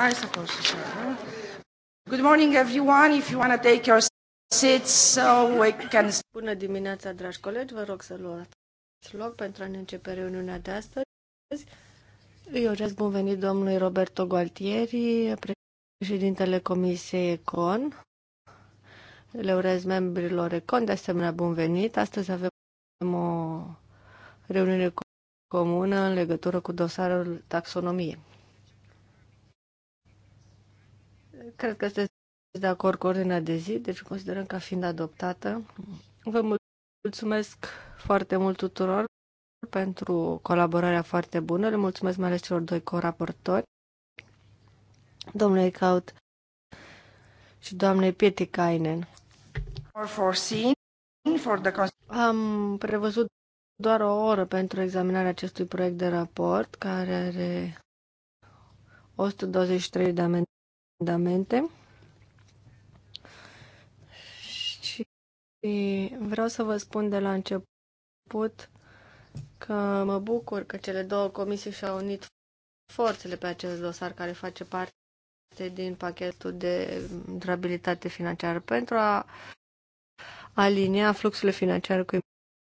I suppose so. Good morning everyone, if you want to take your seats so we can... Bună dimineața, dragi colegi, vă rog să luați loc pentru a ne începe reuniunea de astăzi. Îi urez bun venit domnului Roberto Gualtieri, președintele Comisiei Econ. Le urez membrilor Econ, de asemenea, bun venit. Astăzi avem o reuniune comună în legătură cu dosarul taxonomiei. Cred că sunteți de acord cu ordinea de zi, deci considerăm ca fiind adoptată. Vă mulțumesc foarte mult tuturor pentru colaborarea foarte bună. Le mulțumesc mai ales celor doi coraportori, domnului Caut și doamnei Pietikainen. Am prevăzut doar o oră pentru examinarea acestui proiect de raport, care are 123 de amendamente fundamente. Și vreau să vă spun de la început că mă bucur că cele două comisii și-au unit forțele pe acest dosar care face parte din pachetul de durabilitate financiară pentru a alinia fluxurile financiare cu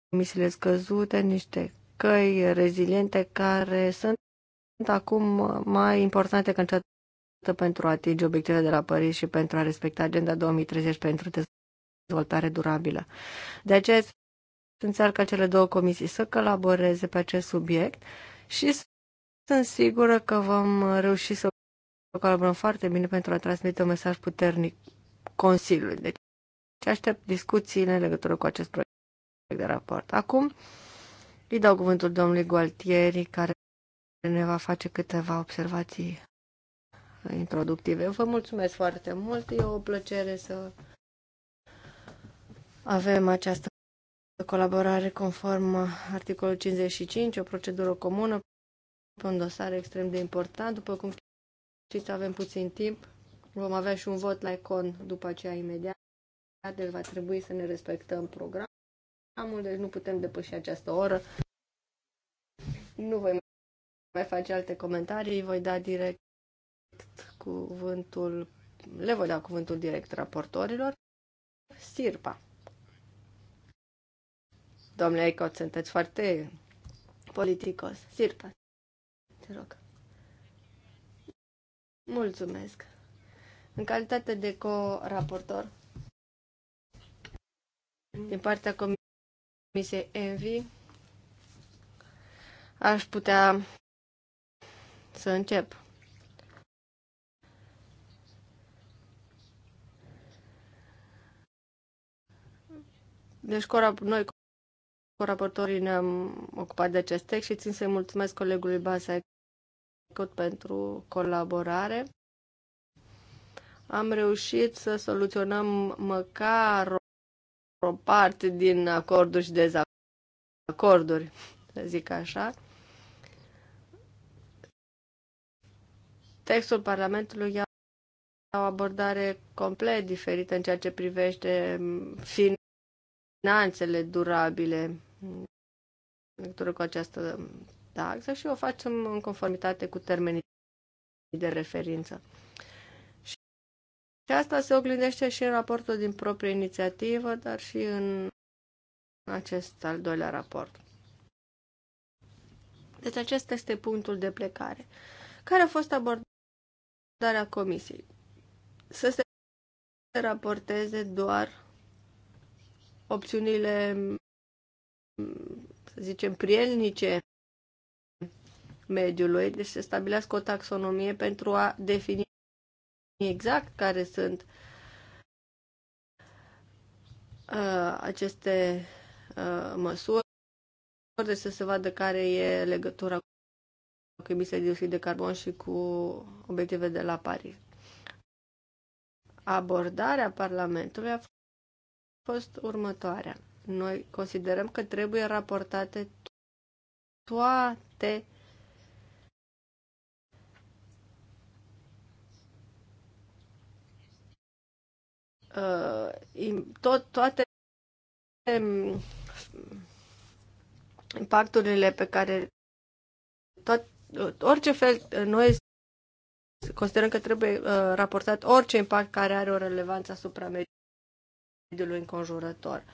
emisiile scăzute, niște căi reziliente care sunt acum mai importante ca pentru a atinge obiectivele de la Paris și pentru a respecta agenda 2030 pentru dezvoltare durabilă. De aceea este esențial ca cele două comisii să colaboreze pe acest subiect și sunt sigură că vom reuși să colaborăm foarte bine pentru a transmite un mesaj puternic Consiliului. Deci aștept discuțiile în legătură cu acest proiect de raport. Acum îi dau cuvântul domnului Gualtieri, care ne va face câteva observații introductive. Vă mulțumesc foarte mult, e o plăcere să avem această colaborare conform articolul 55, o procedură comună pe un dosar extrem de important. După cum știți, avem puțin timp. Vom avea și un vot la icon după aceea imediat. Deci va trebui să ne respectăm programul, deci nu putem depăși această oră. Nu voi mai face alte comentarii, voi da direct cuvântul, le voi da cuvântul direct raportorilor. Sirpa. Domnule Eicot, sunteți foarte politicos. Sirpa, te rog. Mulțumesc. În calitate de co-raportor din partea Comisiei Envi, aș putea să încep. Deci, corab- noi, raportorii, ne-am ocupat de acest text și țin să-i mulțumesc colegului Basai pentru colaborare. Am reușit să soluționăm măcar o parte din acorduri și dezacorduri, să zic așa. Textul Parlamentului ia o abordare complet diferită în ceea ce privește fin finanțele durabile în legătură cu această taxă și o facem în conformitate cu termenii de referință. Și asta se oglindește și în raportul din proprie inițiativă, dar și în acest al doilea raport. Deci acesta este punctul de plecare. Care a fost abordarea comisiei? Să se raporteze doar opțiunile, să zicem, prielnice mediului, deci se stabilească o taxonomie pentru a defini exact care sunt uh, aceste uh, măsuri, deci să se vadă care e legătura cu emisia de dioxid de carbon și cu obiective de la Paris. Abordarea Parlamentului a fost următoarea. Noi considerăm că trebuie raportate toate uh, tot, toate um, impacturile pe care tot, orice fel noi considerăm că trebuie uh, raportat orice impact care are o relevanță asupra mediului mediului înconjurător.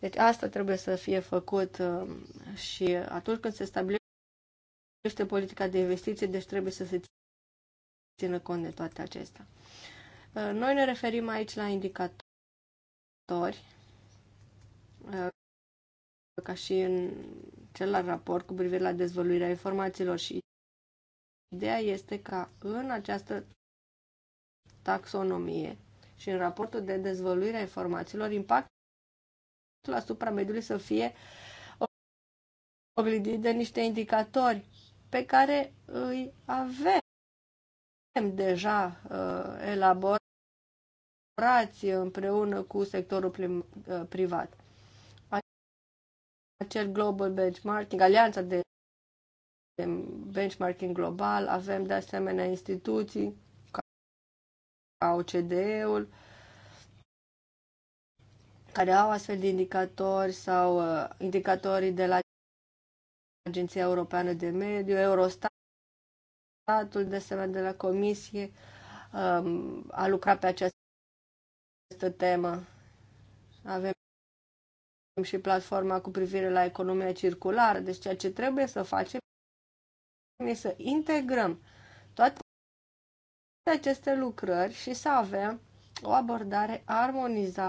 Deci asta trebuie să fie făcut um, și atunci când se stabilește politica de investiție, deci trebuie să se țină cont de toate acestea. Uh, noi ne referim aici la indicatori, uh, ca și în celălalt raport cu privire la dezvăluirea informațiilor și ideea este ca în această taxonomie și în raportul de dezvăluire a informațiilor, impactul asupra mediului să fie oglindit de niște indicatori pe care îi avem deja uh, elaborați împreună cu sectorul prim, uh, privat. Acel global benchmarking, alianța de benchmarking global, avem de asemenea instituții ca OCDE-ul, care au astfel de indicatori sau uh, indicatorii de la Agenția Europeană de Mediu, Eurostatul, de asemenea de la Comisie, um, a lucrat pe această temă. Avem și platforma cu privire la economia circulară, deci ceea ce trebuie să facem e să integrăm uh, pe aceste lucrări și să avem o abordare armonizare,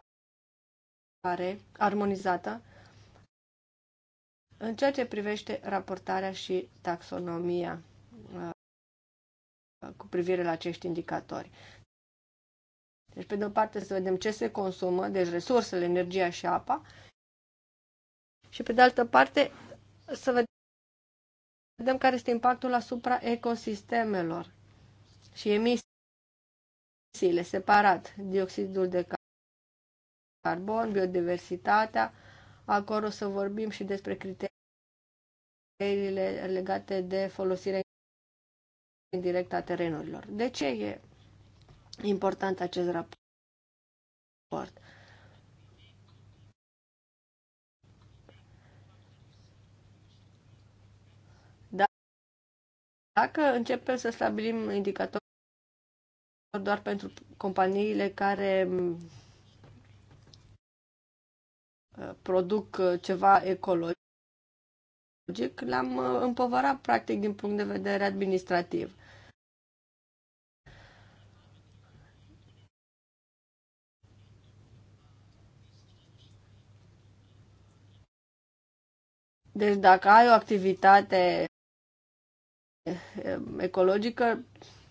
armonizată în ceea ce privește raportarea și taxonomia uh, cu privire la acești indicatori. Deci, pe de o parte, să vedem ce se consumă, deci resursele, energia și apa, și pe de altă parte, să vedem care este impactul asupra ecosistemelor și emisiile separat, dioxidul de carbon, biodiversitatea. Acolo o să vorbim și despre criteriile legate de folosirea indirectă a terenurilor. De ce e important acest raport? Dacă începem să stabilim indicatori doar pentru companiile care uh, produc uh, ceva ecologic, le-am uh, împovărat practic din punct de vedere administrativ. Deci dacă ai o activitate ecologică,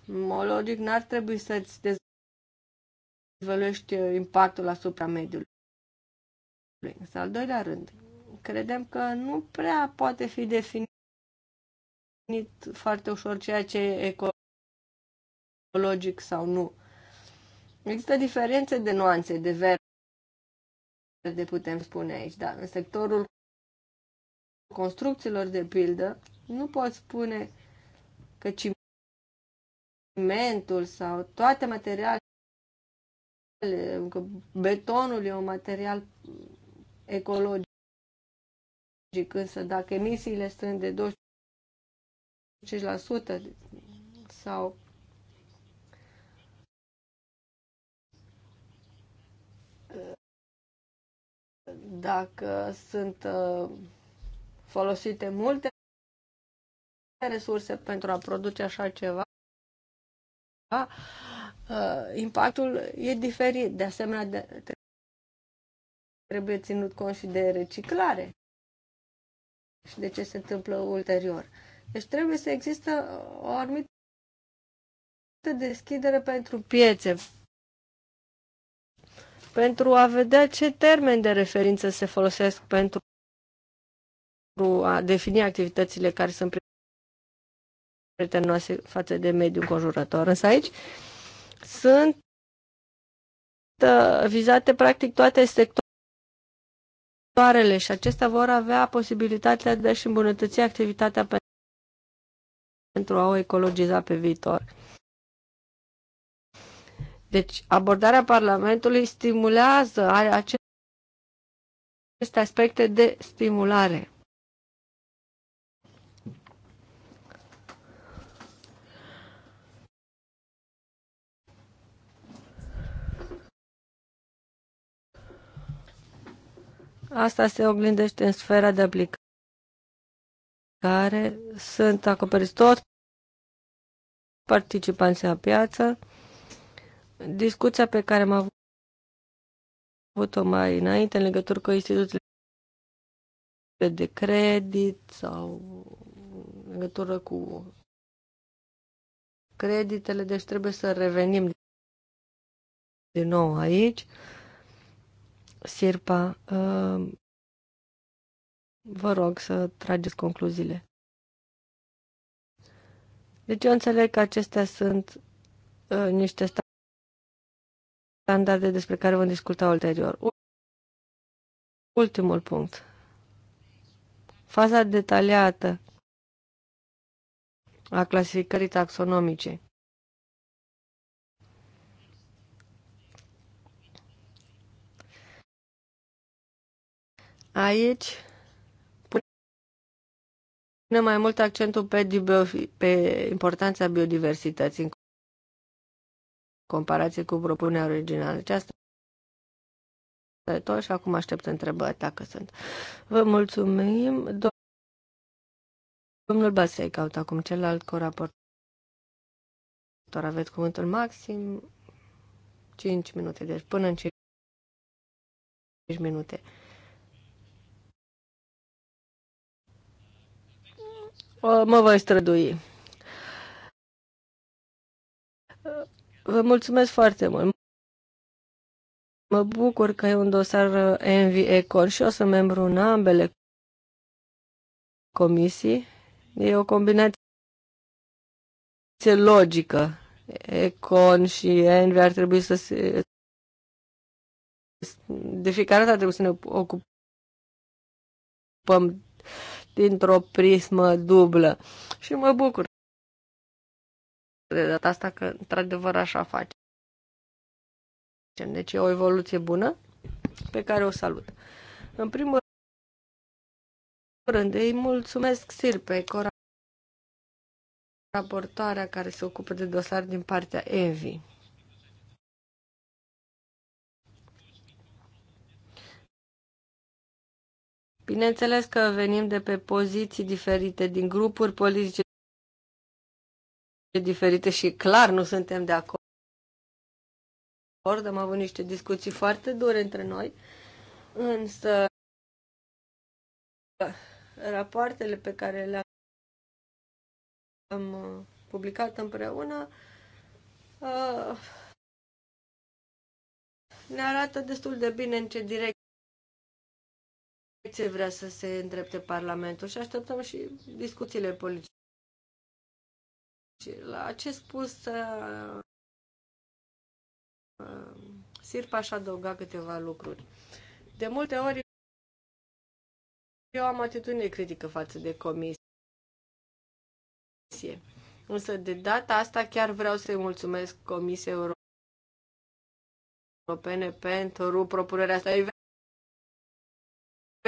mod logic, n-ar trebui să-ți dezvăluiești impactul asupra mediului. Însă, al doilea rând, credem că nu prea poate fi definit foarte ușor ceea ce e ecologic sau nu. Există diferențe de nuanțe, de verde, putem spune aici, dar în sectorul construcțiilor, de pildă, nu poți spune că cimentul sau toate materialele, că betonul e un material ecologic, însă dacă emisiile sunt de 25% sau dacă sunt uh, folosite multe resurse pentru a produce așa ceva, da? Uh, impactul e diferit. De asemenea, trebuie ținut cont și de reciclare și de ce se întâmplă ulterior. Deci trebuie să există o anumită deschidere pentru piețe, pentru a vedea ce termeni de referință se folosesc pentru a defini activitățile care sunt prietenoase față de mediul înconjurător. Însă aici sunt uh, vizate practic toate sectoarele și acestea vor avea posibilitatea de a-și îmbunătăți activitatea pentru a o ecologiza pe viitor. Deci, abordarea Parlamentului stimulează, are aceste aspecte de stimulare. Asta se oglindește în sfera de aplicare. Sunt acoperiți toți participanții la piață. Discuția pe care am avut-o mai înainte în legătură cu instituțiile de credit sau în legătură cu creditele, deci trebuie să revenim din nou aici. Sirpa, uh, vă rog să trageți concluziile. Deci eu înțeleg că acestea sunt uh, niște standarde despre care vom discuta ulterior. Ultimul punct. Faza detaliată a clasificării taxonomice. Aici punem mai mult accentul pe, pe importanța biodiversității în comparație cu propunerea originală. Aceasta deci e tot și acum aștept întrebări dacă sunt. Vă mulțumim. Domnul Basei caută acum celălalt coraport. Aveți cuvântul maxim 5 minute, deci până în 5 minute. Mă voi strădui. Vă mulțumesc foarte mult. Mă bucur că e un dosar uh, Envy Ecor și o să membru în ambele comisii. E o combinație logică. Econ și Envy ar trebui să se... De fiecare dată trebuie să ne ocupăm dintr-o prismă dublă. Și mă bucur de data asta că într-adevăr așa face. Deci e o evoluție bună pe care o salut. În primul rând, îi mulțumesc Sirpe, raportoarea care se ocupă de dosar din partea Envy. Bineînțeles că venim de pe poziții diferite, din grupuri politice diferite și clar nu suntem de acord. Am avut niște discuții foarte dure între noi, însă rapoartele pe care le-am uh, publicat împreună uh, ne arată destul de bine în ce direcție direcție vrea să se îndrepte Parlamentul și așteptăm și discuțiile politice. La ce spus, uh, uh, Sirpa aș adăuga câteva lucruri. De multe ori eu am atitudine critică față de comisie. Însă de data asta chiar vreau să-i mulțumesc Comisiei Europene pentru propunerea asta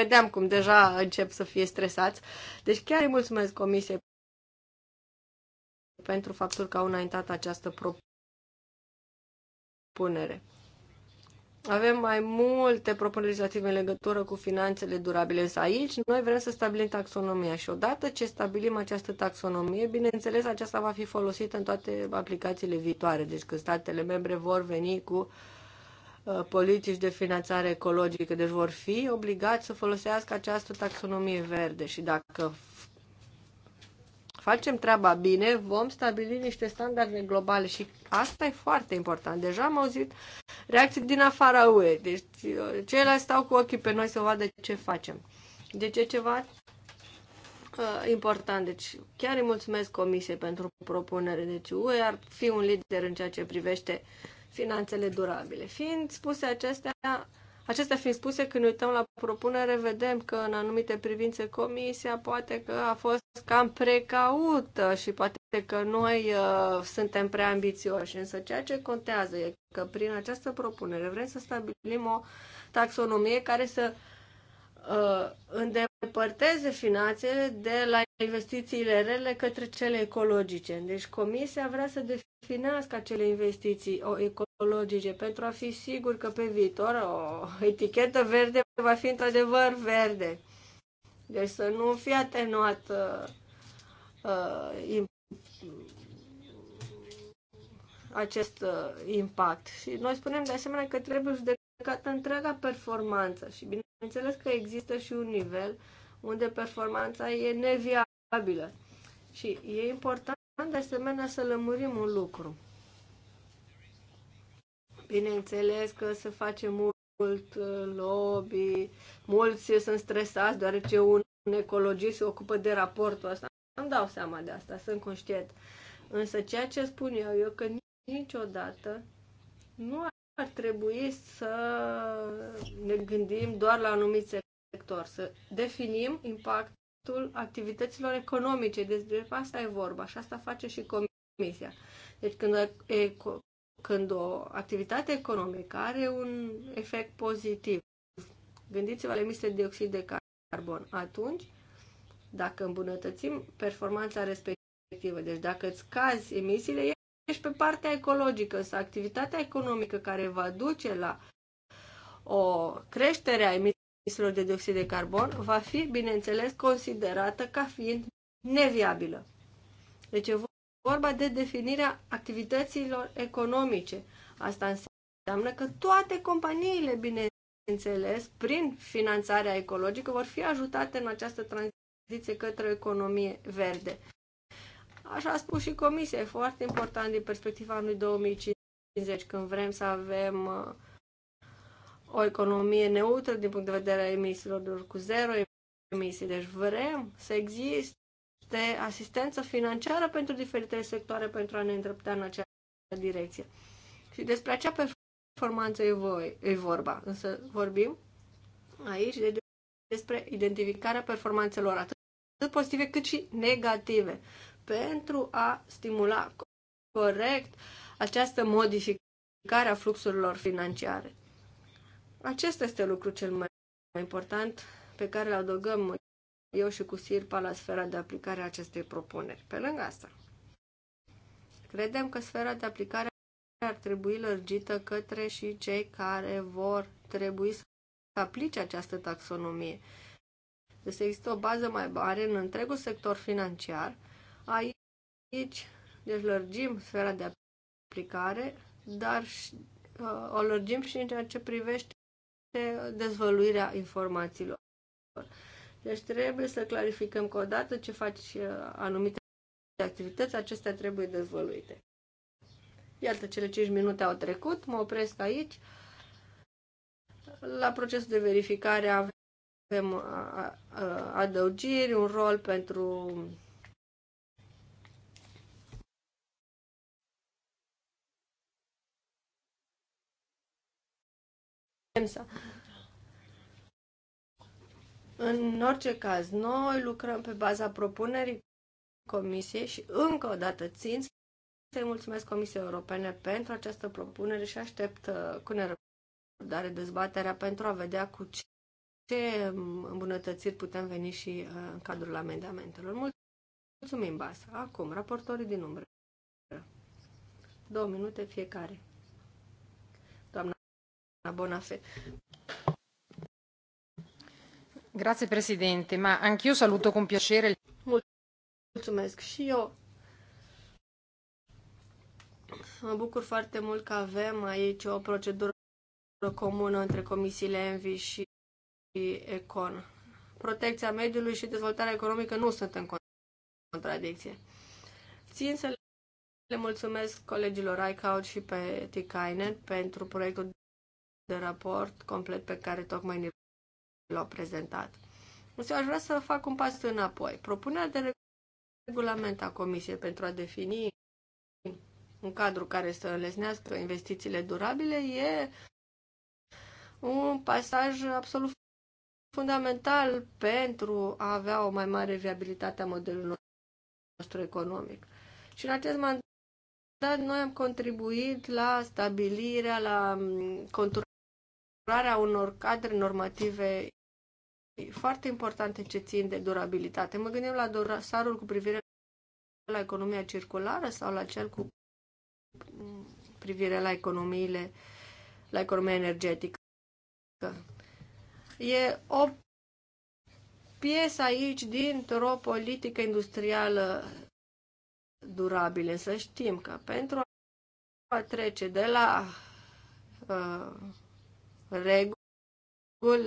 vedeam cum deja încep să fie stresați. Deci chiar îi mulțumesc Comisiei pentru faptul că au înaintat această propunere. Avem mai multe propuneri legislative în legătură cu finanțele durabile, însă aici noi vrem să stabilim taxonomia și odată ce stabilim această taxonomie, bineînțeles, aceasta va fi folosită în toate aplicațiile viitoare, deci când statele membre vor veni cu uh, Uh, politici de finanțare ecologică, deci vor fi obligați să folosească această taxonomie verde și dacă facem treaba bine, vom stabili niște standarde globale și asta e foarte important. Deja am auzit reacții din afara UE, deci uh, ceilalți stau cu ochii pe noi să vadă ce facem. Deci e ceva uh, important. Deci chiar îi mulțumesc Comisiei pentru propunere. Deci UE ar fi un lider în ceea ce privește uh, finanțele durabile. Fiind spuse acestea, Acestea fiind spuse, când uităm la propunere, vedem că în anumite privințe comisia poate că a fost cam precaută și poate că noi uh, suntem prea ambițioși. Însă ceea ce contează e că prin această propunere vrem să stabilim o taxonomie care să uh, Uh, îndepărteze finanțele de la investițiile rele către cele ecologice. Deci Comisia vrea să definească acele investiții ecologice pentru a fi sigur că pe viitor o etichetă verde va fi într-adevăr verde. Deci să nu fie atenuat uh, uh acest uh, impact. Și noi spunem de asemenea că trebuie să judecată întreaga performanță și bineînțeles că există și un nivel unde performanța e neviabilă. Și e important de asemenea să lămurim un lucru. Bineînțeles că se face mult uh, lobby, mulți sunt stresați deoarece un ecologist se ocupă de raportul ăsta. Îmi dau seama de asta, sunt conștient. Însă ceea ce spun eu, eu că niciodată nu ar trebui să ne gândim doar la anumit sector, să definim impactul activităților economice. Despre asta e vorba și asta face și Comisia. Deci când, e, când o activitate economică are un efect pozitiv, gândiți-vă la emisiile de dioxid de carbon, atunci, dacă îmbunătățim performanța respectivă, deci dacă îți cazi emisiile, și deci pe partea ecologică, însă activitatea economică care va duce la o creștere a emisiilor de dioxid de carbon va fi, bineînțeles, considerată ca fiind neviabilă. Deci e vorba de definirea activităților economice. Asta înseamnă că toate companiile, bineînțeles, prin finanțarea ecologică, vor fi ajutate în această tranziție către o economie verde. Așa a spus și Comisia, e foarte important din perspectiva anului 2050, când vrem să avem uh, o economie neutră din punct de vedere a emisiilor de cu zero emisii. Deci vrem să existe asistență financiară pentru diferitele sectoare pentru a ne îndrepta în acea direcție. Și despre acea performanță e, voi, e vorba. Însă vorbim aici de, despre identificarea performanțelor atât pozitive cât și negative pentru a stimula corect această modificare a fluxurilor financiare. Acesta este lucru cel mai important pe care îl adăugăm eu și cu SIRPA la sfera de aplicare a acestei propuneri. Pe lângă asta, credem că sfera de aplicare ar trebui lărgită către și cei care vor trebui să aplice această taxonomie. Deci există o bază mai mare în întregul sector financiar Aici, deci lărgim sfera de aplicare, dar și, uh, o lărgim și în ceea ce privește dezvăluirea informațiilor. Deci trebuie să clarificăm că odată ce faci uh, anumite activități, acestea trebuie dezvăluite. Iată, cele 5 minute au trecut, mă opresc aici. La procesul de verificare avem uh, uh, adăugiri, un rol pentru EMSA. În orice caz, noi lucrăm pe baza propunerii Comisiei și încă o dată țin să-i mulțumesc Comisiei Europene pentru această propunere și aștept uh, cu nerăbdare dezbaterea pentru a vedea cu ce ce îmbunătățiri putem veni și uh, în cadrul amendamentelor. Mulțumim, Bas. Acum, raportorii din umbră. Două minute fiecare. Bonafè. Presidente, ma anch'io saluto con piacere... Mulțumesc și eu. Mă bucur foarte mult că avem aici o procedură comună între comisiile ENVI și ECON. Protecția mediului și dezvoltarea economică nu sunt în contradicție. Țin să le mulțumesc colegilor Aicaut și pe Ticainen pentru proiectul de raport complet pe care tocmai ne l-au prezentat. Însă aș vrea să fac un pas înapoi. Propunerea de regulament a Comisiei pentru a defini un cadru care să înlesnească investițiile durabile e un pasaj absolut fundamental pentru a avea o mai mare viabilitate a modelului nostru economic. Și în acest mandat noi am contribuit la stabilirea, la conturarea elaborarea unor cadre normative foarte importante ce țin de durabilitate. Mă gândim la dosarul cu privire la economia circulară sau la cel cu privire la economiile, la economia energetică. E o piesă aici dintr-o politică industrială durabilă, să știm că pentru a trece de la uh, regulă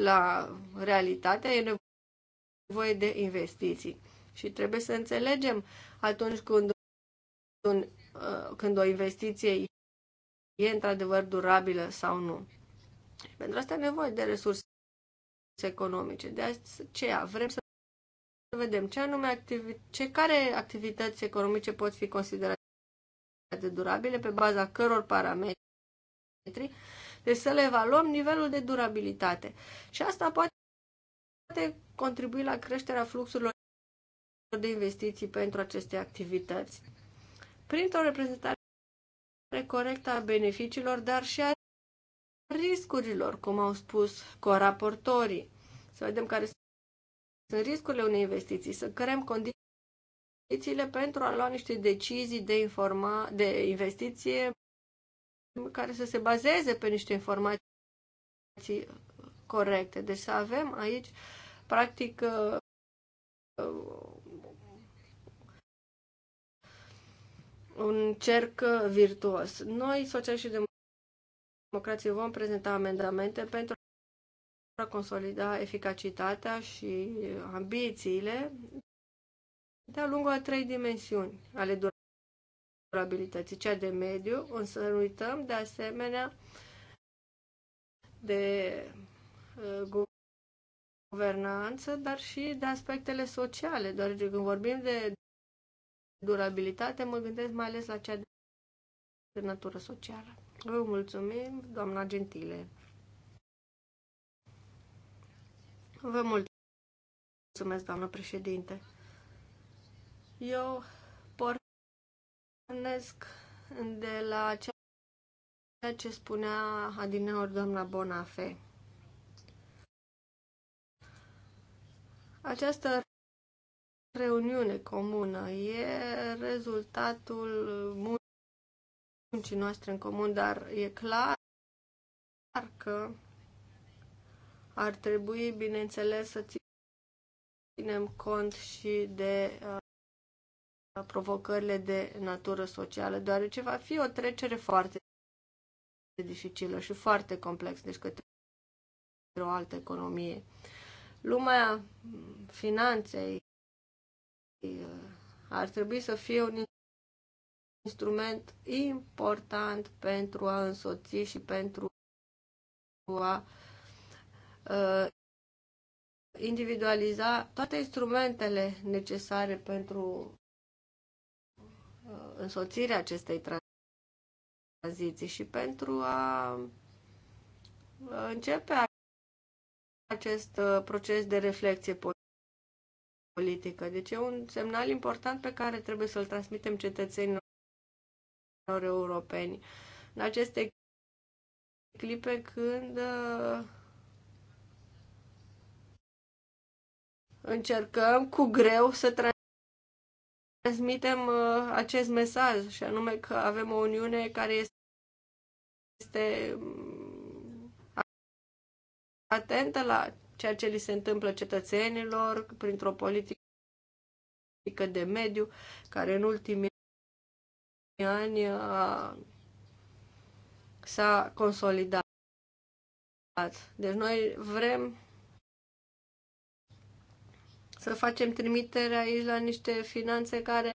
la realitatea, e nevoie de investiții. Și trebuie să înțelegem atunci când, un, uh, când o investiție e într-adevăr durabilă sau nu. Și pentru asta e nevoie de resurse economice. De aceea vrem să vedem ce anume activi- ce, care activități economice pot fi considerate durabile pe baza căror parametri deci să le evaluăm nivelul de durabilitate. Și asta poate contribui la creșterea fluxurilor de investiții pentru aceste activități. Printr-o reprezentare corectă a beneficiilor, dar și a riscurilor, cum au spus coraportorii. Să vedem care sunt riscurile unei investiții, să creăm condițiile pentru a lua niște decizii de, informa, de investiție care să se bazeze pe niște informații corecte. Deci să avem aici, practic, uh, uh, un cerc virtuos. Noi, social și democrație, vom prezenta amendamente pentru a consolida eficacitatea și ambițiile de-a lungul a trei dimensiuni ale durării durabilității, cea de mediu, însă nu uităm de asemenea de uh, guvernanță, dar și de aspectele sociale. Doar când vorbim de durabilitate, mă gândesc mai ales la cea de natură socială. Vă mulțumim, doamna Gentile. Vă mulțumesc, doamnă președinte. Eu pornesc de la ceea ce spunea adineori doamna Bonafe. Această reuniune comună e rezultatul muncii noastre în comun, dar e clar că ar trebui, bineînțeles, să ținem cont și de uh, provocările de natură socială, deoarece va fi o trecere foarte dificilă și foarte complexă, deci către o altă economie. Lumea finanței uh, ar trebui să fie un instrument important pentru a însoți și pentru a uh, individualiza toate instrumentele necesare pentru însoțirea acestei tranziții și pentru a începe acest uh, proces de reflexie politică. Deci e un semnal important pe care trebuie să-l transmitem cetățenilor europeni în aceste clipe când uh, încercăm cu greu să transmitem uh, acest mesaj și anume că avem o uniune care este mm, atentă la ceea ce li se întâmplă cetățenilor printr-o politică de mediu care în ultimii ani uh, s-a consolidat. Deci noi vrem să facem trimitere aici la niște finanțe care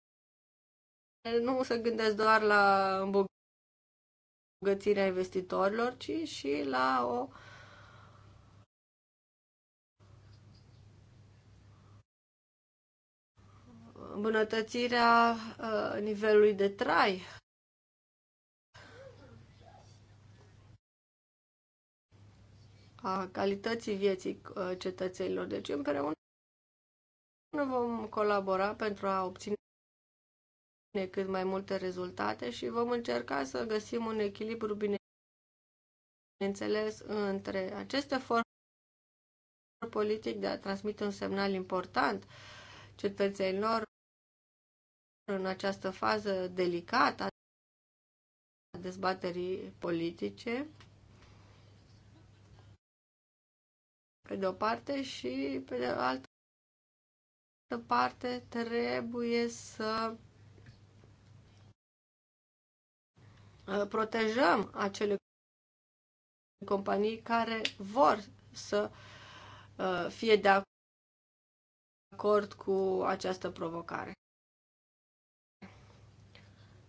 nu se gândesc doar la îmbogățirea investitorilor, ci și la o îmbunătățirea nivelului de trai. a calității vieții cetățenilor. Deci împreună ne vom colabora pentru a obține cât mai multe rezultate și vom încerca să găsim un echilibru bine bineînțeles, între acest efort politic de a transmite un semnal important cetățenilor în această fază delicată a dezbaterii politice, pe de o parte, și pe de altă altă parte, trebuie să uh, protejăm acele companii care vor să uh, fie de acord cu această provocare.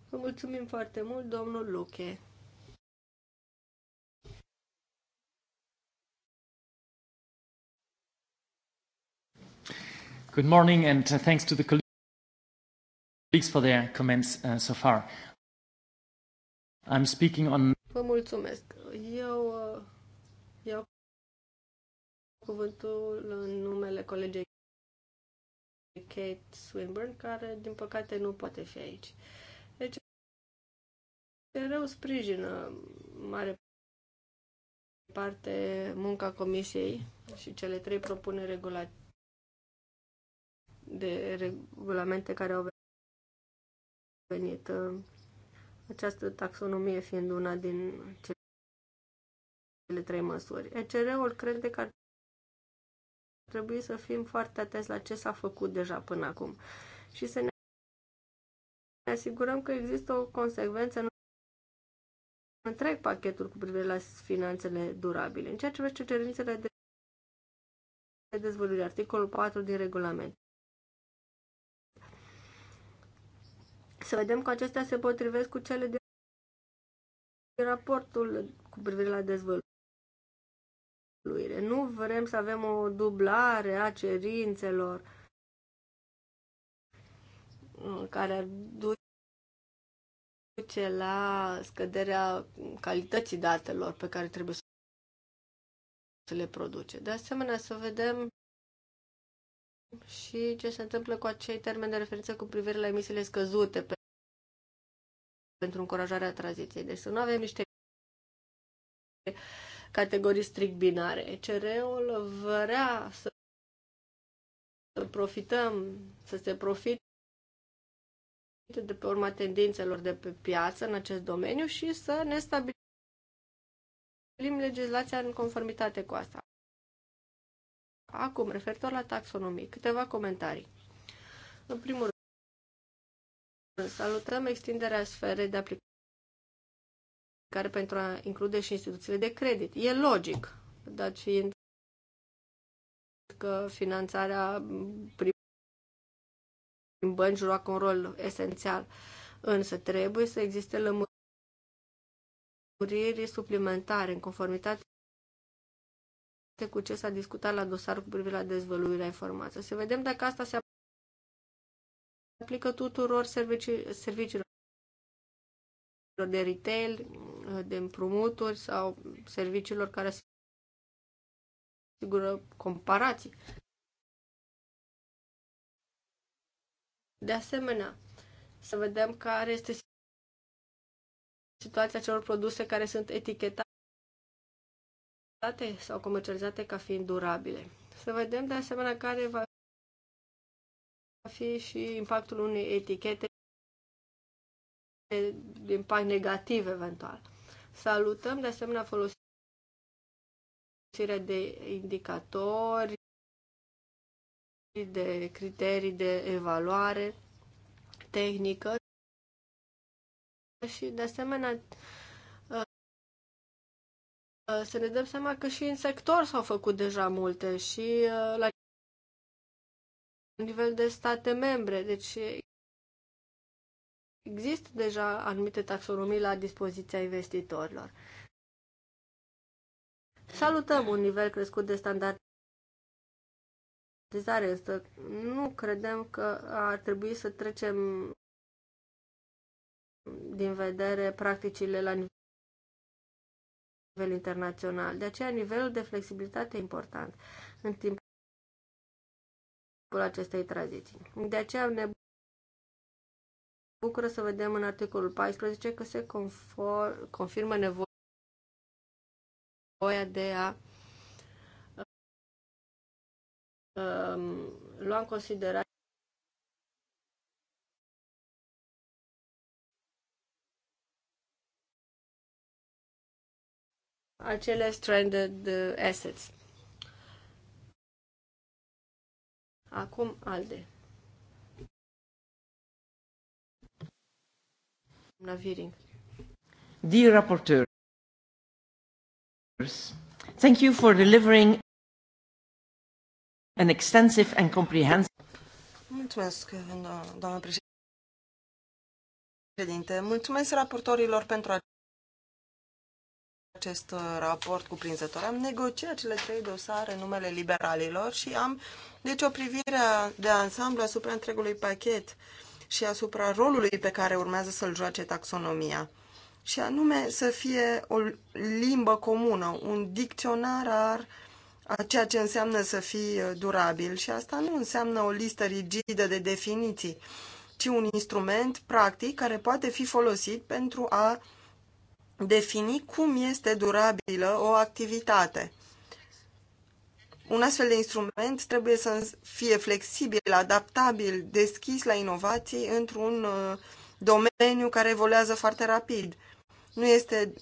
Vă mulțumim foarte mult, domnul Luche. Good morning, and uh, thanks to the colleagues for their comments uh, so far. I'm speaking on... Vă mulțumesc. Eu uh, iau cuvântul în numele colegei Kate Swinburne, care, din păcate, nu poate fi aici. Deci, rău sprijină mare parte munca comisiei și cele trei propuneri regulate de regulamente care au venit. Această taxonomie fiind una din cele trei măsuri. ECR-ul crede că ar trebui să fim foarte atenți la ce s-a făcut deja până acum și să ne asigurăm că există o consecvență în întreg pachetul cu privire la finanțele durabile. În ceea ce privește cerințele de dezvăluire, articolul 4 din regulament. Să vedem că acestea se potrivesc cu cele de raportul cu privire la dezvăluire. Nu vrem să avem o dublare a cerințelor uh, care ar duce la scăderea calității datelor pe care trebuie să le produce. De asemenea, să vedem și ce se întâmplă cu acei termeni de referință cu privire la emisiile scăzute pe pentru încurajarea tranziției. Deci să nu avem niște categorii strict binare. cre ul vrea să profităm, să se profite de pe urma tendințelor de pe piață în acest domeniu și să ne stabilim legislația în conformitate cu asta. Acum, referitor la taxonomie, câteva comentarii. În primul rând, salutăm extinderea sferei de aplicare pentru a include și instituțiile de credit. E logic, dat fiind că finanțarea prin bănci joacă un rol esențial. Însă trebuie să existe lămuriri suplimentare în conformitate cu ce s-a discutat la dosar cu privire la dezvăluirea informației. Să vedem dacă asta se aplică tuturor servicii, serviciilor de retail, de împrumuturi sau serviciilor care se asigură comparații. De asemenea, să vedem care este situația celor produse care sunt etichetate date sau comercializate ca fiind durabile. Să vedem de asemenea care va fi și impactul unei etichete de impact negativ eventual. Salutăm de asemenea folosirea de indicatori, de criterii de evaluare tehnică și de asemenea Uh, să ne dăm seama că și în sector s-au făcut deja multe și uh, la nivel de state membre. Deci există deja anumite taxonomii la dispoziția investitorilor. Salutăm un nivel crescut de standard însă nu credem că ar trebui să trecem din vedere practicile la nivel nivel internațional. De aceea, nivelul de flexibilitate e important în timpul acestei tranziții. De aceea ne bucură să vedem în articolul 14 că se conform, confirmă nevoia de a um, lua în considerare acele stranded uh, assets. Acum ALDE. Doamna Dear rapporteurs, thank you for delivering an extensive and comprehensive Mulțumesc, doamnă președinte. Mulțumesc raportorilor pentru acest uh, raport cuprinzător. Am negociat cele trei dosare în numele liberalilor și am, deci, o privire de ansamblu asupra întregului pachet și asupra rolului pe care urmează să-l joace taxonomia. Și anume să fie o limbă comună, un dicționar ar a ceea ce înseamnă să fii uh, durabil și asta nu înseamnă o listă rigidă de definiții, ci un instrument practic care poate fi folosit pentru a defini cum este durabilă o activitate. Un astfel de instrument trebuie să fie flexibil, adaptabil, deschis la inovații într-un uh, domeniu care evoluează foarte rapid. Nu este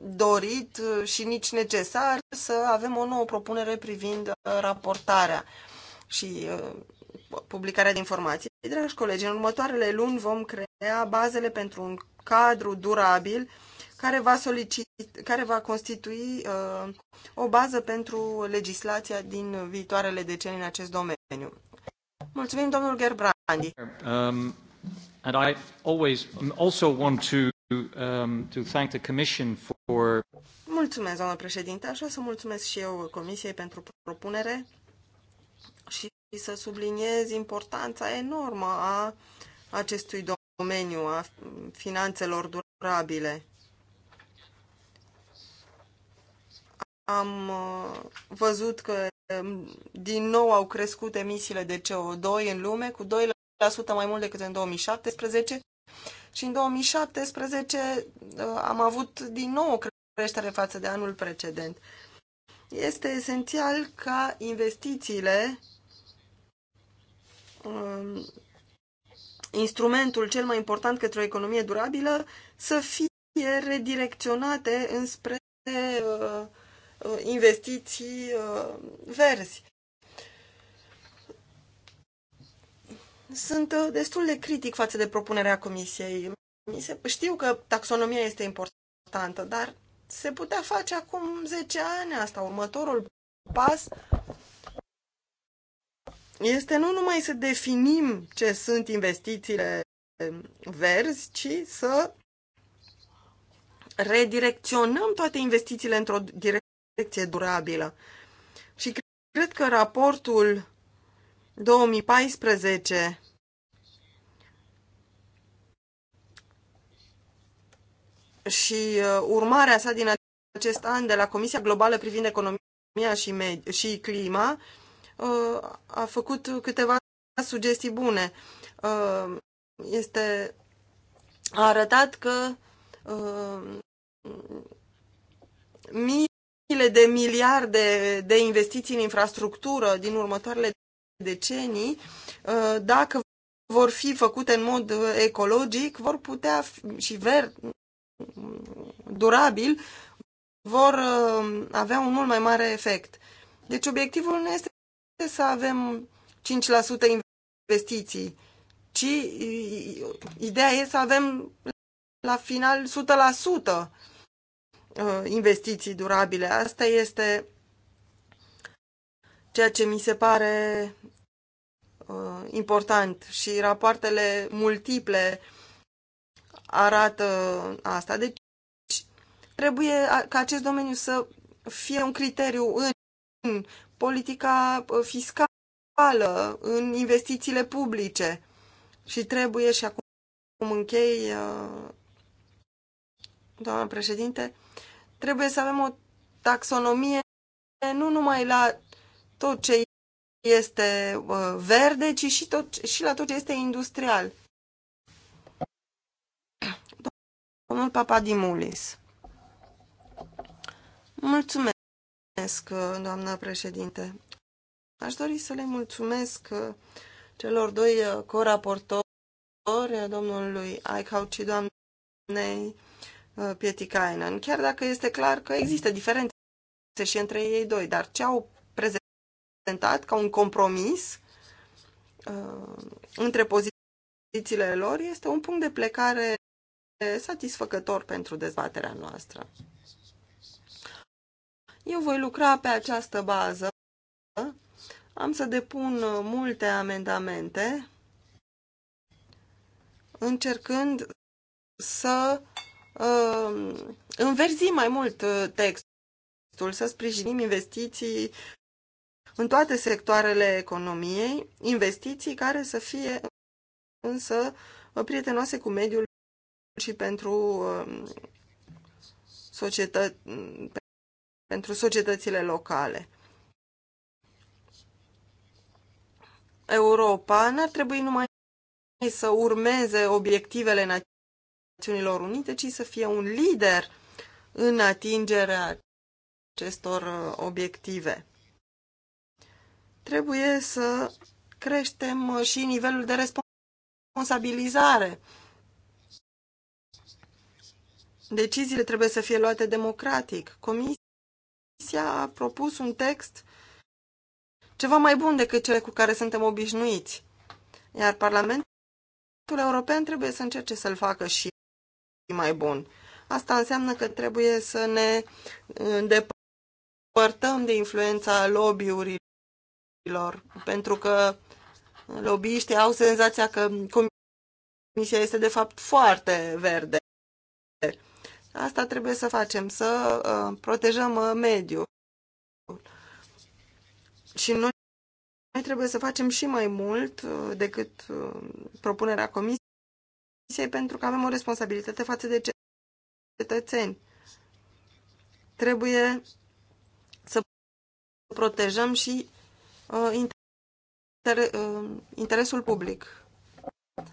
dorit uh, și nici necesar să avem o nouă propunere privind uh, raportarea și publicarea de informații. Dragi colegi, în următoarele luni vom crea bazele pentru un cadru durabil care va, solicit, care va constitui uh, o bază pentru legislația din viitoarele decenii în acest domeniu. Mulțumim, domnul Gerbrandi. Um, and I always also want to um, to thank the Commission for. Mulțumesc, doamnă președinte. Așa să mulțumesc și eu Comisiei pentru propunere și să subliniez importanța enormă a acestui domeniu, a finanțelor durabile. Am uh, văzut că um, din nou au crescut emisiile de CO2 în lume cu 2% mai mult decât în 2017 și în 2017 uh, am avut din nou o creștere față de anul precedent. Este esențial ca investițiile, um, instrumentul cel mai important către o economie durabilă, să fie redirecționate înspre uh, Uh, investiții uh, verzi. Sunt uh, destul de critic față de propunerea Comisiei. Știu că taxonomia este importantă, dar se putea face acum 10 ani asta. Următorul pas este nu numai să definim ce sunt investițiile verzi, ci să redirecționăm toate investițiile într-o direcție protecție durabilă. Și cred că raportul 2014 și uh, urmarea sa din acest an de la Comisia Globală privind economia și, medi- și clima uh, a făcut câteva sugestii bune. Uh, este a arătat că mii de miliarde de investiții în infrastructură din următoarele decenii, uh, dacă vor fi făcute în mod uh, ecologic, vor putea și ver durabil, vor uh, avea un mult mai mare efect. Deci obiectivul nu este să avem 5% investiții, ci ideea e să avem la final 100%. Uh, investiții durabile. Asta este ceea ce mi se pare uh, important și rapoartele multiple arată asta. Deci trebuie ca acest domeniu să fie un criteriu în politica uh, fiscală, în investițiile publice și trebuie și acum închei, doamna președinte, Trebuie să avem o taxonomie nu numai la tot ce este uh, verde, ci și, tot, și la tot ce este industrial. Domnul Papadimulis. Mulțumesc, uh, doamnă președinte. Aș dori să le mulțumesc uh, celor doi coraportori, domnului Aicaut și doamnei Uh, Pietikainen, chiar dacă este clar că există diferențe și între ei doi, dar ce au prezentat ca un compromis uh, între pozițiile lor este un punct de plecare satisfăcător pentru dezbaterea noastră. Eu voi lucra pe această bază. Am să depun multe amendamente încercând să uh, Um, înverzi mai mult uh, textul, să sprijinim investiții în toate sectoarele economiei, investiții care să fie însă uh, prietenoase cu mediul și pentru um, societă, pentru societățile locale. Europa n-ar trebui numai să urmeze obiectivele naționale. Națiunilor Unite, ci să fie un lider în atingerea acestor uh, obiective. Trebuie să creștem uh, și nivelul de responsabilizare. Deciziile trebuie să fie luate democratic. Comisia a propus un text ceva mai bun decât cele cu care suntem obișnuiți. Iar Parlamentul European trebuie să încerce să-l facă și mai bun. Asta înseamnă că trebuie să ne îndepărtăm de influența lobbyurilor, pentru că lobbyiștii au senzația că comisia este de fapt foarte verde. Asta trebuie să facem, să uh, protejăm uh, mediul. Și noi trebuie să facem și mai mult uh, decât propunerea comisiei Comisiei pentru că avem o responsabilitate față de cetățeni. Trebuie să protejăm și uh, inter uh, interesul public.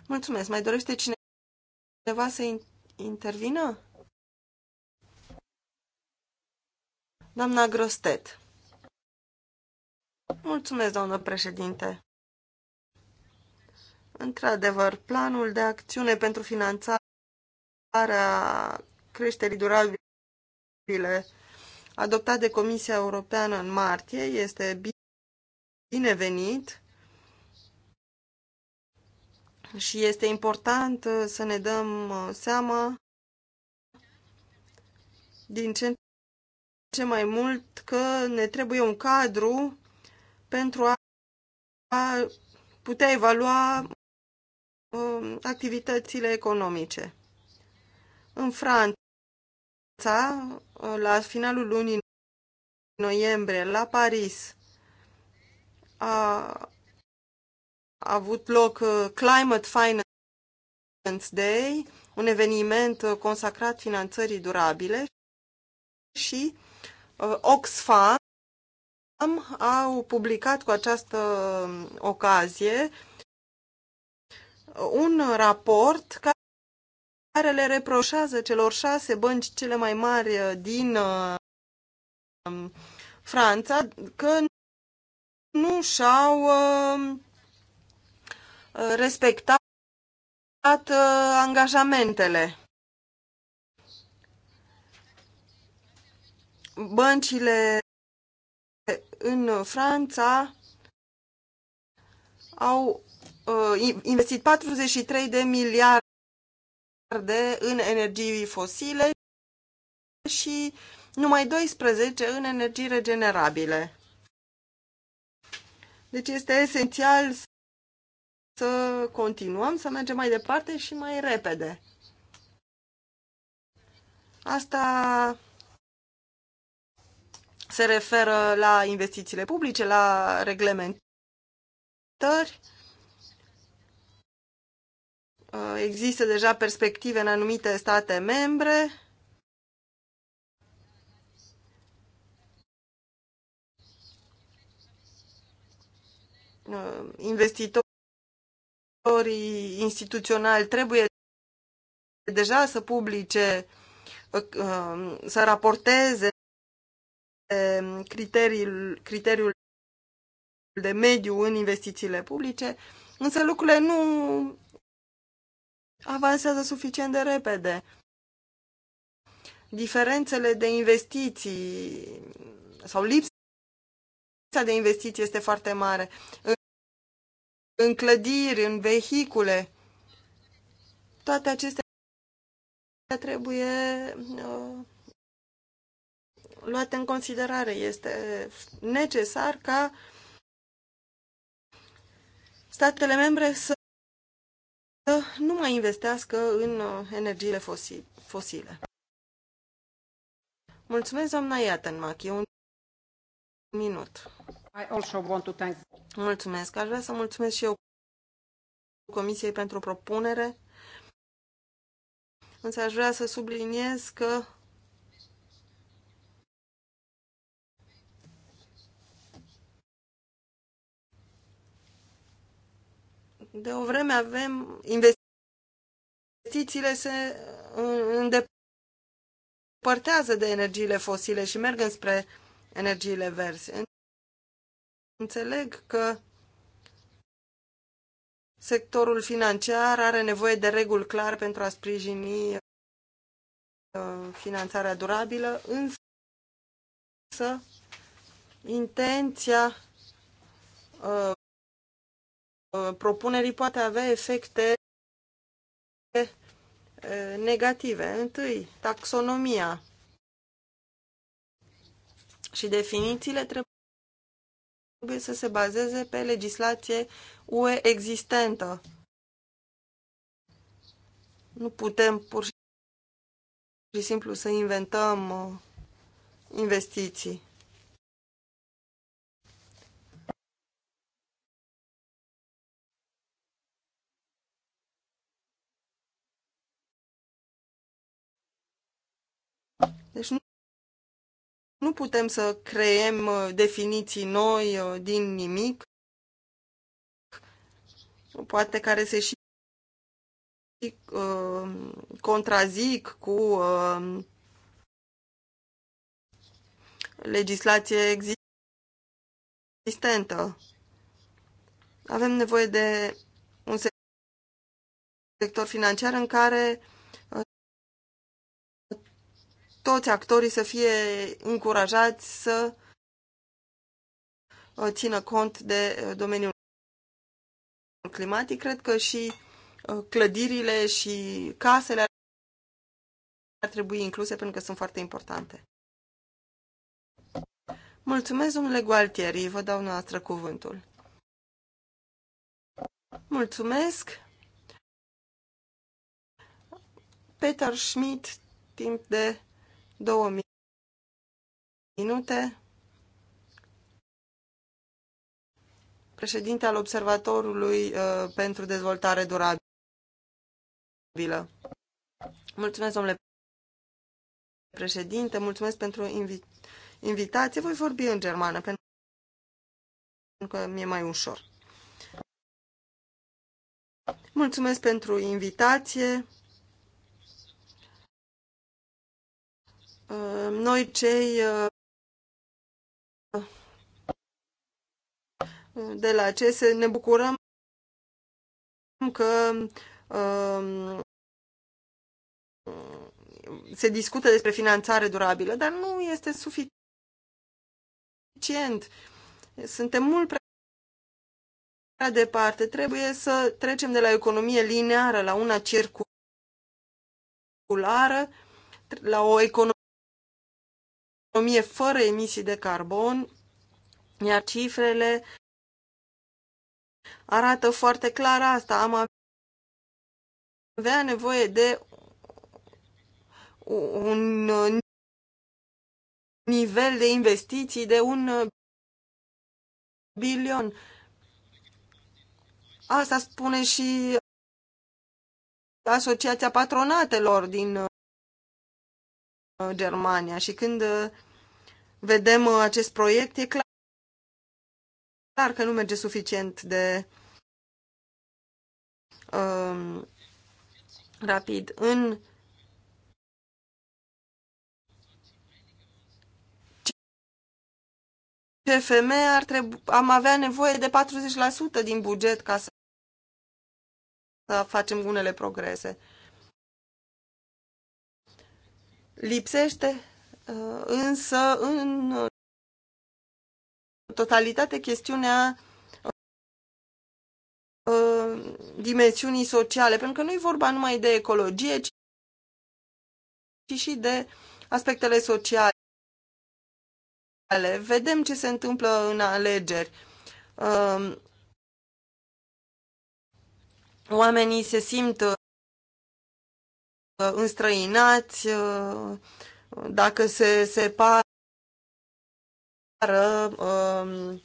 Mulțumesc. Mai dorește cineva să in intervină? Doamna Grostet. Mulțumesc, doamnă președinte. Într-adevăr, planul de acțiune pentru finanțarea creșterii durabile adoptat de Comisia Europeană în martie este binevenit și este important uh, să ne dăm uh, seama din ce în ce mai mult că ne trebuie un cadru pentru a putea evalua Um, activitățile economice. În Franța, la finalul lunii noiembrie, la Paris, a avut loc uh, Climate Finance Day, un eveniment uh, consacrat finanțării durabile și uh, Oxfam au publicat cu această um, ocazie un raport care le reproșează celor șase bănci cele mai mari uh, din uh, um, Franța că nu și-au um, respectat uh, angajamentele. Băncile în Franța au Uh, investit 43 de miliarde în energii fosile și numai 12 în energii regenerabile. Deci este esențial să continuăm, să mergem mai departe și mai repede. Asta se referă la investițiile publice, la reglementări, Uh, există deja perspective în anumite state membre. Uh, investitorii instituționali trebuie deja să publice, uh, să raporteze criteriul, criteriul de mediu în investițiile publice, însă lucrurile nu avansează suficient de repede. Diferențele de investiții sau lipsa de investiții este foarte mare. În clădiri, în vehicule, toate acestea trebuie uh, luate în considerare. Este necesar ca statele membre să nu mai investească în uh, energiile fosile. Mulțumesc, doamna E Un minut. I also want to thank... Mulțumesc. Aș vrea să mulțumesc și eu Comisiei pentru propunere, însă aș vrea să subliniez că de o vreme avem, investițiile se uh, îndepărtează de energiile fosile și merg înspre energiile verzi. Înțeleg că sectorul financiar are nevoie de reguli clare pentru a sprijini uh, finanțarea durabilă, însă intenția uh, propunerii poate avea efecte negative. Întâi, taxonomia și definițiile trebuie să se bazeze pe legislație UE existentă. Nu putem pur și simplu să inventăm uh, investiții. Nu putem să creem uh, definiții noi uh, din nimic, poate care se și uh, contrazic cu uh, legislație existentă. Avem nevoie de un sector financiar în care toți actorii să fie încurajați să uh, țină cont de uh, domeniul climatic. Cred că și uh, clădirile și casele ar trebui incluse pentru că sunt foarte importante. Mulțumesc, domnule Gualtieri, vă dau noastră cuvântul. Mulțumesc. Peter Schmidt, timp de două minute. Președinte al Observatorului uh, pentru Dezvoltare Durabilă. Mulțumesc, domnule președinte, mulțumesc pentru invi invitație. Voi vorbi în germană, pentru că mi-e mai ușor. Mulțumesc pentru invitație. Ehm, noi cei ehm, de la CESE ne bucurăm că ehm, se discută despre finanțare durabilă, dar nu este suficient. Suntem mult prea departe. Trebuie să trecem de la economie lineară la una circulară, la o economie economie fără emisii de carbon, iar cifrele arată foarte clar asta. Am avea nevoie de un nivel de investiții de un bilion. Asta spune și Asociația Patronatelor din Uh, Germania și când uh, vedem uh, acest proiect, e clar, că nu merge suficient de um, rapid. În CFM ar trebu- am avea nevoie de 40% din buget ca să, să facem unele progrese. Lipsește uh, însă în totalitate chestiunea uh, dimensiunii sociale, pentru că nu e vorba numai de ecologie, ci și de aspectele sociale. Vedem ce se întâmplă în alegeri. Uh, oamenii se simt înstrăinați, uh, dacă se separă uh,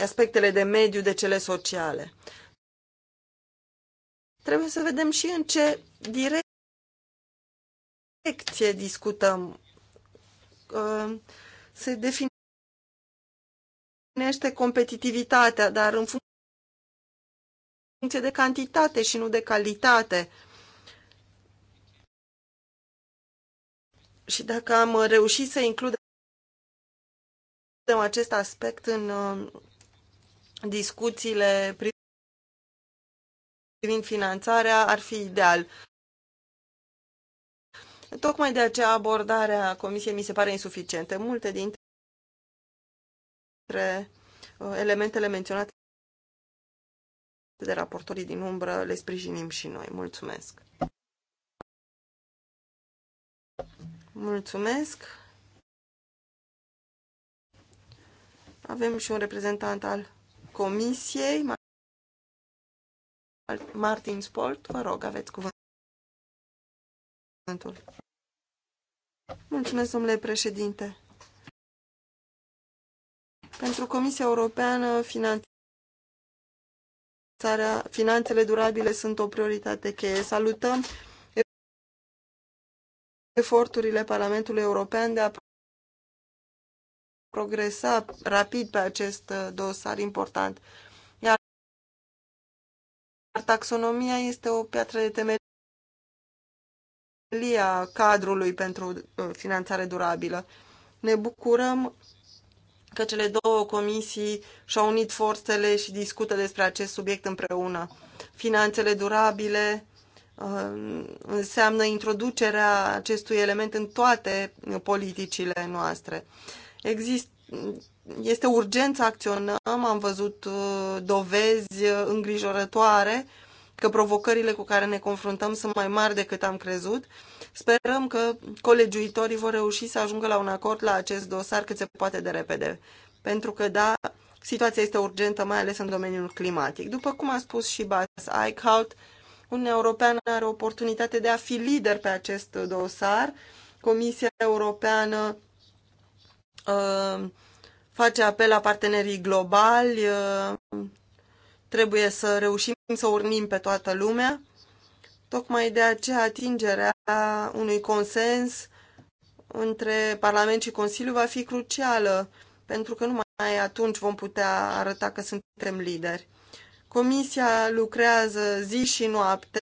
aspectele de mediu de cele sociale. Trebuie să vedem și în ce direcție discutăm. Uh, se definește competitivitatea, dar în funcție funcție de cantitate și nu de calitate. Și dacă am reușit să includem acest aspect în uh, discuțiile privind finanțarea, ar fi ideal. Tocmai de aceea abordarea Comisiei mi se pare insuficientă. Multe dintre uh, elementele menționate de raportorii din umbră le sprijinim și noi. Mulțumesc! Mulțumesc! Avem și un reprezentant al Comisiei, Martin Sport. Vă rog, aveți cuvântul. Mulțumesc, domnule președinte! Pentru Comisia Europeană, Finanțe finanțele durabile sunt o prioritate cheie. Salutăm eforturile Parlamentului European de a progresa rapid pe acest uh, dosar important. Iar taxonomia este o piatră de temelie a cadrului pentru uh, finanțare durabilă. Ne bucurăm că cele două comisii și-au unit forțele și discută despre acest subiect împreună. Finanțele durabile uh, înseamnă introducerea acestui element în toate politicile noastre. Exist, este urgent să acționăm, am văzut uh, dovezi uh, îngrijorătoare că provocările cu care ne confruntăm sunt mai mari decât am crezut. Sperăm că colegiuitorii vor reuși să ajungă la un acord la acest dosar cât se poate de repede. Pentru că, da, situația este urgentă, mai ales în domeniul climatic. După cum a spus și Bas Eichhout, Uniunea Europeană are oportunitate de a fi lider pe acest dosar. Comisia Europeană uh, face apel la partenerii globali uh, Trebuie să reușim să urnim pe toată lumea. Tocmai de aceea atingerea unui consens între Parlament și Consiliu va fi crucială, pentru că numai atunci vom putea arăta că suntem lideri. Comisia lucrează zi și noapte.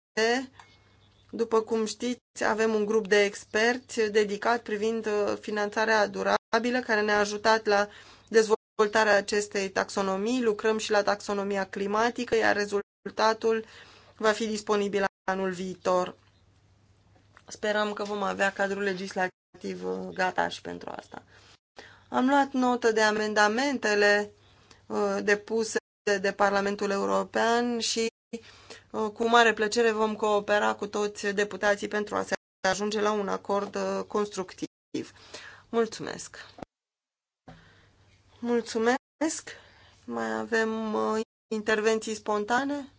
După cum știți, avem un grup de experți dedicat privind uh, finanțarea durabilă, care ne-a ajutat la dezvoltarea dezvoltarea acestei taxonomii, lucrăm și la taxonomia climatică, iar rezultatul va fi disponibil anul viitor. Sperăm că vom avea cadrul legislativ uh, gata și pentru asta. Am luat notă de amendamentele uh, depuse de Parlamentul European și uh, cu mare plăcere vom coopera cu toți deputații pentru a se ajunge la un acord constructiv. Mulțumesc! Mulțumesc. Mai avem uh, intervenții spontane?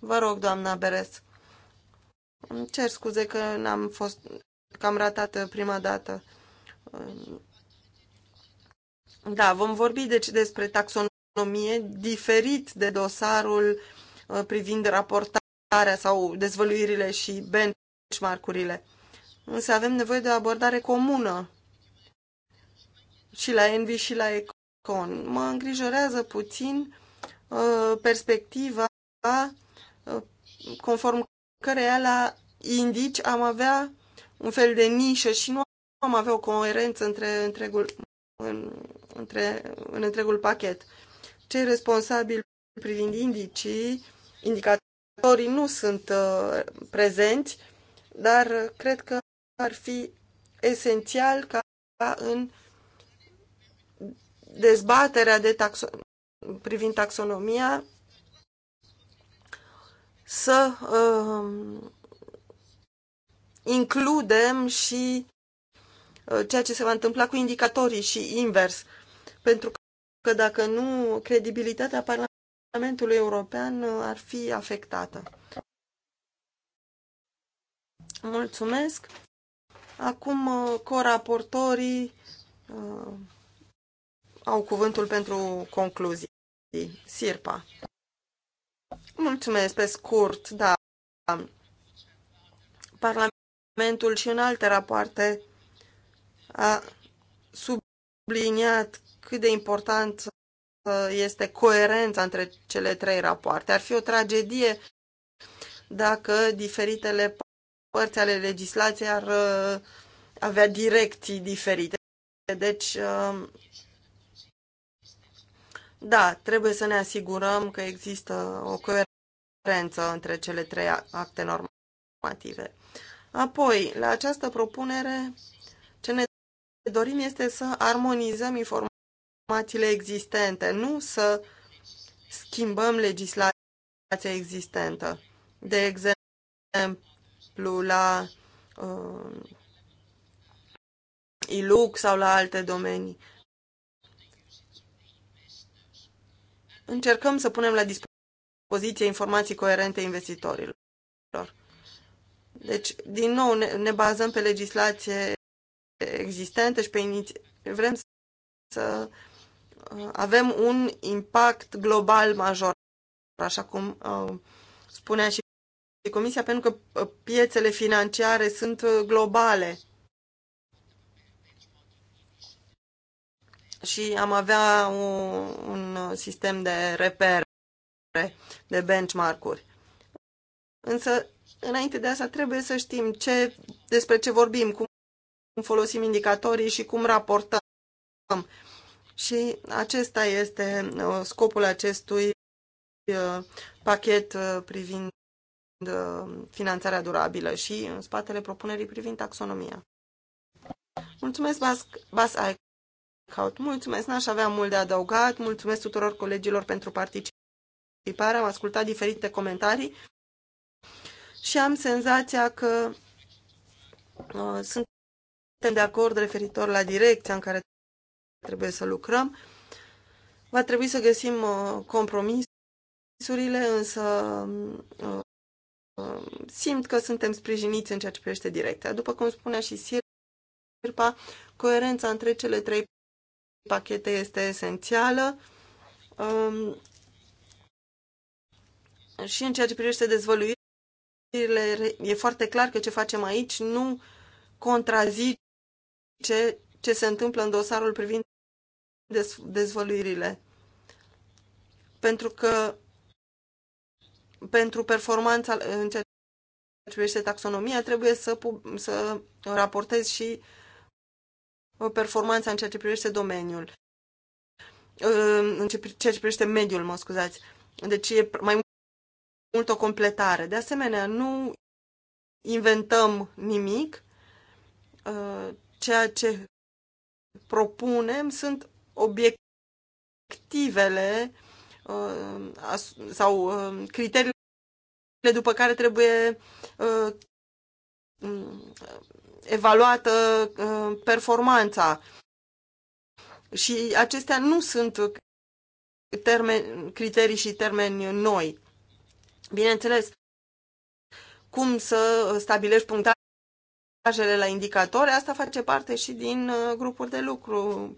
Vă rog, doamna Beres. Îmi cer scuze că n-am fost, cam ratată prima dată. Um, da, vom vorbi deci despre taxonomie diferit de dosarul uh, privind raportarea sau dezvăluirile și benchmark-urile. Însă avem nevoie de o abordare comună și la Envi și la Con. Mă îngrijorează puțin uh, perspectiva uh, conform căreia la indici am avea un fel de nișă și nu am avea o coerență între întregul, în, între, în întregul pachet. Cei responsabili privind indicii, indicatorii nu sunt uh, prezenți, dar cred că ar fi esențial ca în dezbaterea de taxo privind taxonomia să uh, includem și uh, ceea ce se va întâmpla cu indicatorii și invers. Pentru că dacă nu, credibilitatea Parlamentului European uh, ar fi afectată. Mulțumesc. Acum, uh, coraportorii uh, au cuvântul pentru concluzii. Sirpa. Mulțumesc pe scurt, da. Parlamentul și în alte rapoarte a subliniat cât de important uh, este coerența între cele trei rapoarte. Ar fi o tragedie dacă diferitele părți ale legislației ar uh, avea direcții diferite. Deci uh, da, trebuie să ne asigurăm că există o coerență între cele trei acte normative. Apoi, la această propunere, ce ne dorim este să armonizăm informațiile existente, nu să schimbăm legislația existentă. De exemplu, la uh, ILUC sau la alte domenii. încercăm să punem la dispoziție informații coerente investitorilor. Deci, din nou, ne, ne bazăm pe legislație existentă și pe iniți... vrem să, să uh, avem un impact global major, așa cum uh, spunea și Comisia, pentru că uh, piețele financiare sunt uh, globale. și am avea un, un sistem de repere, de benchmark-uri. Însă, înainte de asta, trebuie să știm ce, despre ce vorbim, cum folosim indicatorii și cum raportăm. Și acesta este uh, scopul acestui uh, pachet uh, privind finanțarea durabilă și în spatele propunerii privind taxonomia. Mulțumesc, Bas, Bas Caut. Mulțumesc, n-aș avea mult de adăugat. Mulțumesc tuturor colegilor pentru participare. Am ascultat diferite comentarii și am senzația că uh, suntem de acord referitor la direcția în care trebuie să lucrăm. Va trebui să găsim uh, compromisurile, însă uh, simt că suntem sprijiniți în ceea ce privește direcția. După cum spunea și Sirpa, coerența între cele trei pachete este esențială. Um, și în ceea ce privește dezvăluirile, e foarte clar că ce facem aici nu contrazice ce se întâmplă în dosarul privind dezvăluirile. Pentru că pentru performanța în ceea ce privește taxonomia, trebuie să, să raportezi și performanța în ceea ce privește domeniul, în ceea ce privește mediul, mă scuzați. Deci e mai mult o completare. De asemenea, nu inventăm nimic. Ă, ceea ce propunem sunt obiectivele ă, sau ă, criteriile după care trebuie evaluată uh, performanța. Și acestea nu sunt termen, criterii și termeni noi. Bineînțeles, cum să stabilești punctajele la indicatori, asta face parte și din uh, grupuri de lucru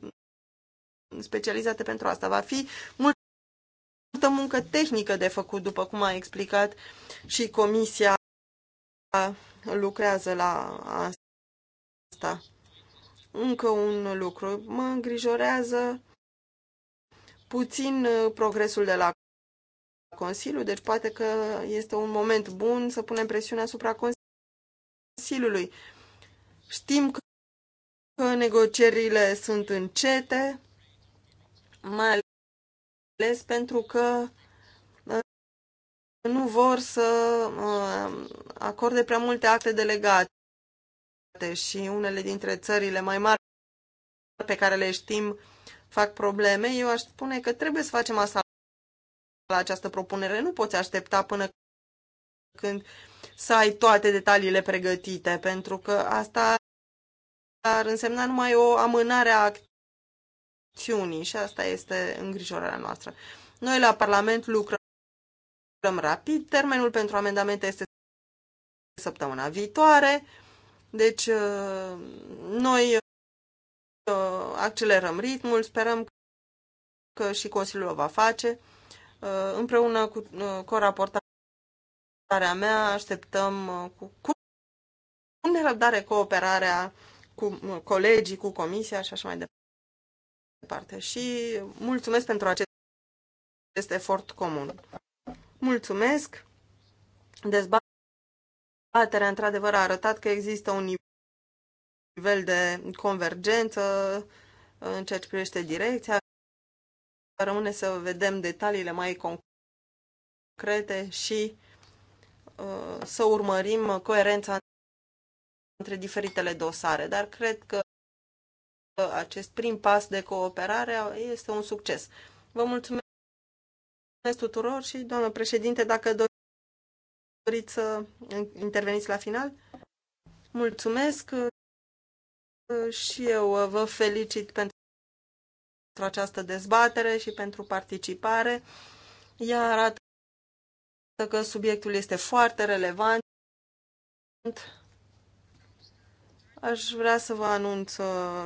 specializate pentru asta. Va fi multă muncă tehnică de făcut, după cum a explicat și comisia lucrează la asta. Încă un lucru. Mă îngrijorează puțin uh, progresul de la Consiliu, deci poate că este un moment bun să punem presiune asupra Consiliului. Știm că negocierile sunt încete, mai ales pentru că uh, nu vor să uh, acorde prea multe acte delegate și unele dintre țările mai mari pe care le știm fac probleme, eu aș spune că trebuie să facem asta la această propunere. Nu poți aștepta până când să ai toate detaliile pregătite, pentru că asta ar însemna numai o amânare a acțiunii și asta este îngrijorarea noastră. Noi la Parlament lucrăm rapid, termenul pentru amendamente este săptămâna viitoare. Deci, uh, noi uh, accelerăm ritmul, sperăm că și Consiliul o va face. Uh, împreună cu coraportarea mea așteptăm cu, cu nerăbdare cooperarea cu colegii, cu comisia și așa mai departe. Și mulțumesc pentru acest, acest efort comun. Mulțumesc! Dezbat dezbaterea într-adevăr a arătat că există un nivel de convergență în ceea ce privește direcția. Rămâne să vedem detaliile mai concrete și uh, să urmărim coerența între diferitele dosare, dar cred că acest prim pas de cooperare este un succes. Vă mulțumesc tuturor și, doamnă președinte, dacă doriți Doriți să interveniți la final? Mulțumesc și eu vă felicit pentru această dezbatere și pentru participare. Ea arată că subiectul este foarte relevant. Aș vrea să vă anunț uh,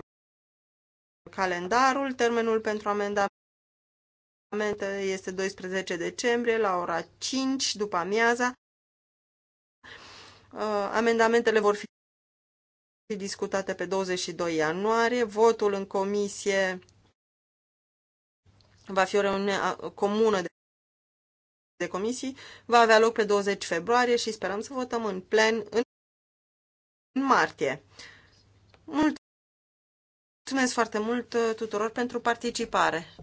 calendarul. Termenul pentru amendamente este 12 decembrie la ora 5 după amiaza. Uh, amendamentele vor fi discutate pe 22 ianuarie. Votul în comisie va fi o reuniune uh, comună de de comisii va avea loc pe 20 februarie și sperăm să votăm în plen în martie. Mulțumesc foarte mult uh, tuturor pentru participare!